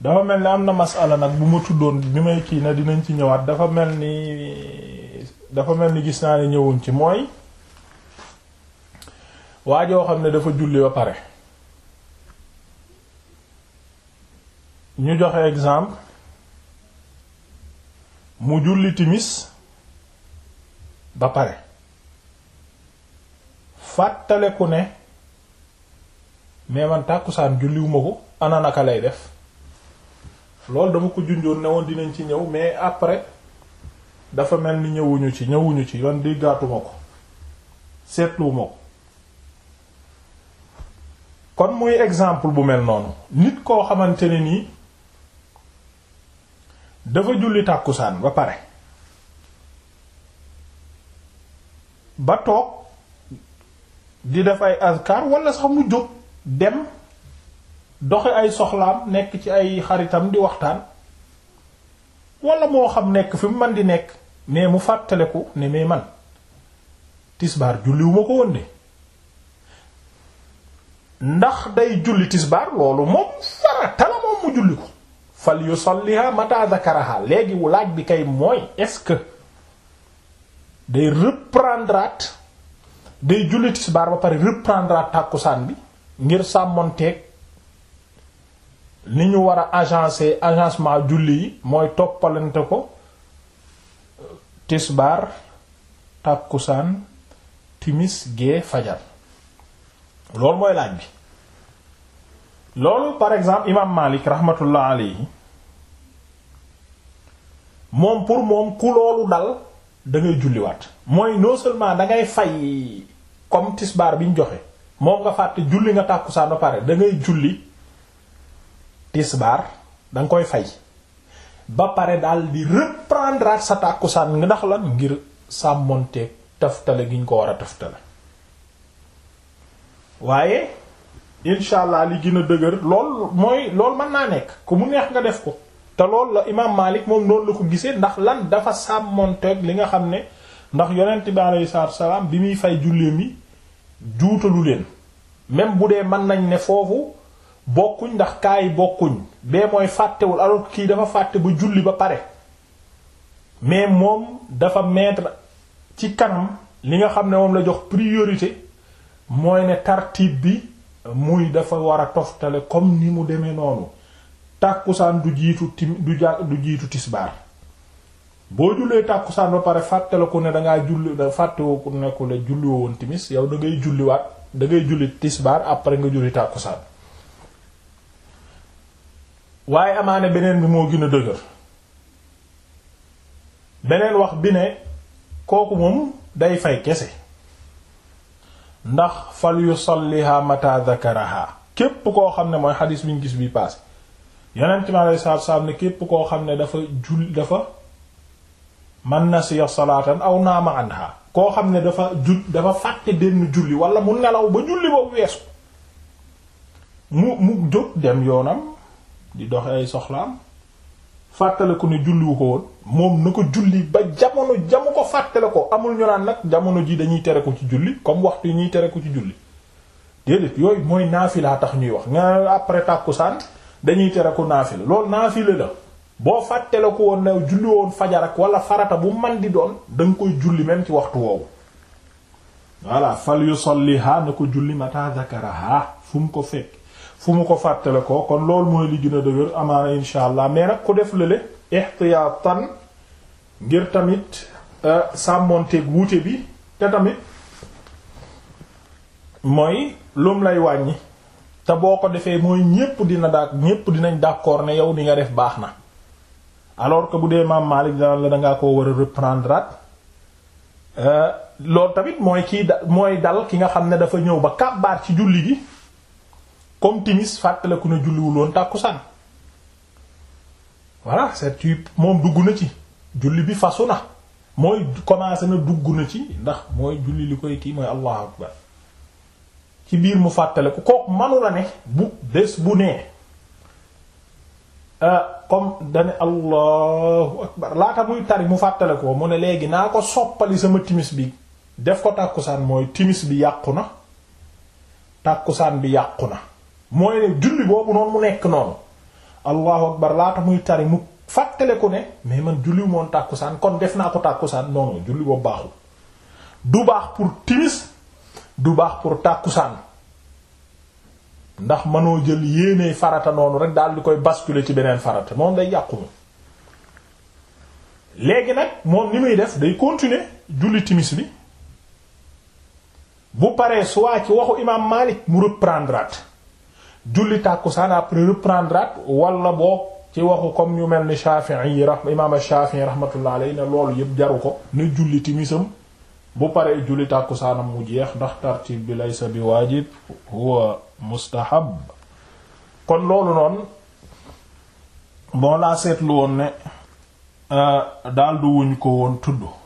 dafa mel ni am na masala nag bu ma tuddoon bi may kii na dinañ ci ñëwaat dafa mel ni dafa mel ni gis naa ne ñëwuñ ci mooy waa joo xam ne dafa julli ba pare ñu joxe exemple mu julli timis ba pare fàttaleku ne mais man tàkkusaan julliwuma ko ana naka lay def loolu dama ko junjoon ne woon dinañ ci ñëw mais après dafa mel ni ñëwuñu ci ñëwuñu ci yoon di gàttuma ko seetluwuma ko kon mooy exemple bu mel noonu nit koo xamante ne nii dafa julli tàkkusaan ba pare ba toog di def ay azkar walla sax mu jóg dem doxe ay soxlaam nekk ci ay xaritam di waxtaan wala moo xam nekk fi mu man di nekk mais mu fàttale ko ne mais man tisbaar julliwu ma ko woon ndax day julli tisbaar loolu moom farata mu julli ko fal yusalliha mata zakaraha léegi laaj bi kay mooy est-ce que day reprendraat day julli tisbaar ba pare reprendraat tàkkusaan bi ngir sàmmonteeg ni ñu war a agencer agencement julli yi mooy toppalante ko tisbaar tàkkusaan timis gee fajar loolu mooy laaj bi loolu par exemple imam Malik rahmatullah alayhi moom pour moom ku loolu dal da ngay julliwaat mooy non seulement da ngay fay comme tisbaar bi ñu joxe moom nga fàtte julli nga tàkkusaan ba pare da ngay julli tisbaar danga koy fay ba pare daal di reprendre sa tàkkusaan nga ndax lan ngir sàmmonteeg taftale gi ñu ko war a taftale waaye incha allah li gën a dëgër lool mooy lool mën naa nekk ku mu neex nga def ko te lool la imaam Malik moom noonu la ko gisee ndax lan dafa sàmmonteeg li nga xam ne ndax yonent bi alayhi salaatu salaam bi muy fay julleem mi juutalu leen même bu dee mën nañ ne foofu bokkuñ ndax kaay bokkuñ bee mooy fàttewul alors kii dafa fàtte bu julli ba pare mais moom dafa mettre ci kanam li nga xam ne moom la jox priorité mooy ne tartib bi muy dafa war a toftale comme ni mu demee noonu tàkkusaan du jiitu tim du ja du jiitu tisbaar boo jullee tàkkusaan ba pare fàtte la ku ne dangaa julli da fàttewoo ku ne ku ne julliwoo woon timis yow da ngay julliwaat da ngay julli tisbaar après nga julli tàkkusaan waaye amaane beneen bi moo gën a dëgër beneen wax bi ne kooku moom day fay kese ndax fal yu yusalliha mata zakaraha képp koo xam ne mooy xadis bi gis bi passé yonent mi alayhi salaatu salaam ne képp koo xam ne dafa jul dafa man nasiya salaatan aw naama anha koo xam ne dafa jul dafa fàtte denn julli wala mu nelaw ba julli boobu weesu mu mu jóg dem yoonam di dox ay soxlaam fàttaliku ne julliwu ko woon moom na ko julli ba jamono jamu ko fàttale ko amul ñu nag jamono ji dañuy tere ko ci julli comme waxtu yi ñuy tere ko ci julli déedéet yooyu mooy naafi naafilaa tax ñuy wax nga après tàkkusaan dañuy tere ko naafila loolu naafila la boo fàttaliku woon ne julli woon fajar ak wala farata bu man di doon da nga koy julli même ci waxtu woowu voilà fal yusalliha na ko julli mata zakaraha fu fu mu ko fàttale ko kon loolu mooy li gën a dëgër amaana insha allah mais nag ku def lële ixtiyaatan ngir tamit euh, sàmmonteeg wuute bi te tamit mooy lum lay wàññi te boo ko defee mooy ñépp dina daa ñépp dinañ d'accord ne yow di nga def baax na alors que bu dee maam Malik daan la dangaa ko war a reprendre euh, loolu tamit mooy kii da mooy dal ki nga xam ne dafa ñëw ba kàbbaar ci julli gi comme timis fàttaliku na julliwul woon tàkkusaan voilà c'est tu moom dugg na ci julli bi fasu na mooy commencé na dugg na ci ndax mooy julli li koy kii mooy allahu akbar ci biir mu fàttaliku kooku manu la ne bu des bu nee euh, comme dane allahu akbar laata muy tari mu fàttalikoo mu ne léegi naa ko soppali sama timis bi def ko tàkkusaan mooy timis bi yàqu na tàkkusaan bi yàqu na mooy ne julli boobu noonu mu nekk noonu allahu akbar laata muy tari mu fàttale ku ne mais man julli moon tàkkusaan kon def naa ko tàkkusaan non non julli boobu baaxul du baax pour timis du baax pour tàkkusaan ndax mënoo jël yéene farata noonu rek daal di koy basculer ci beneen farata moom day yàqu moom léegi nag moom ni muy def day continuer julli timis bi bu paree soit ci waxu imaam Malik mu reprendre at julli tàkkusaan après reprendre wala boo ci waxu comme ñu mel ni Shafi'i yi ra imaam Shafi'i rahmatullah alayhi ne loolu yëpp jaru ko ne julli timisam bu paree julli tàkkusaanam mu jeex ndax tartib bi laysa bi waajib huwa mustahab kon loolu noonu bon laa seetlu woon ne euh, daal du wuñ ko woon tudd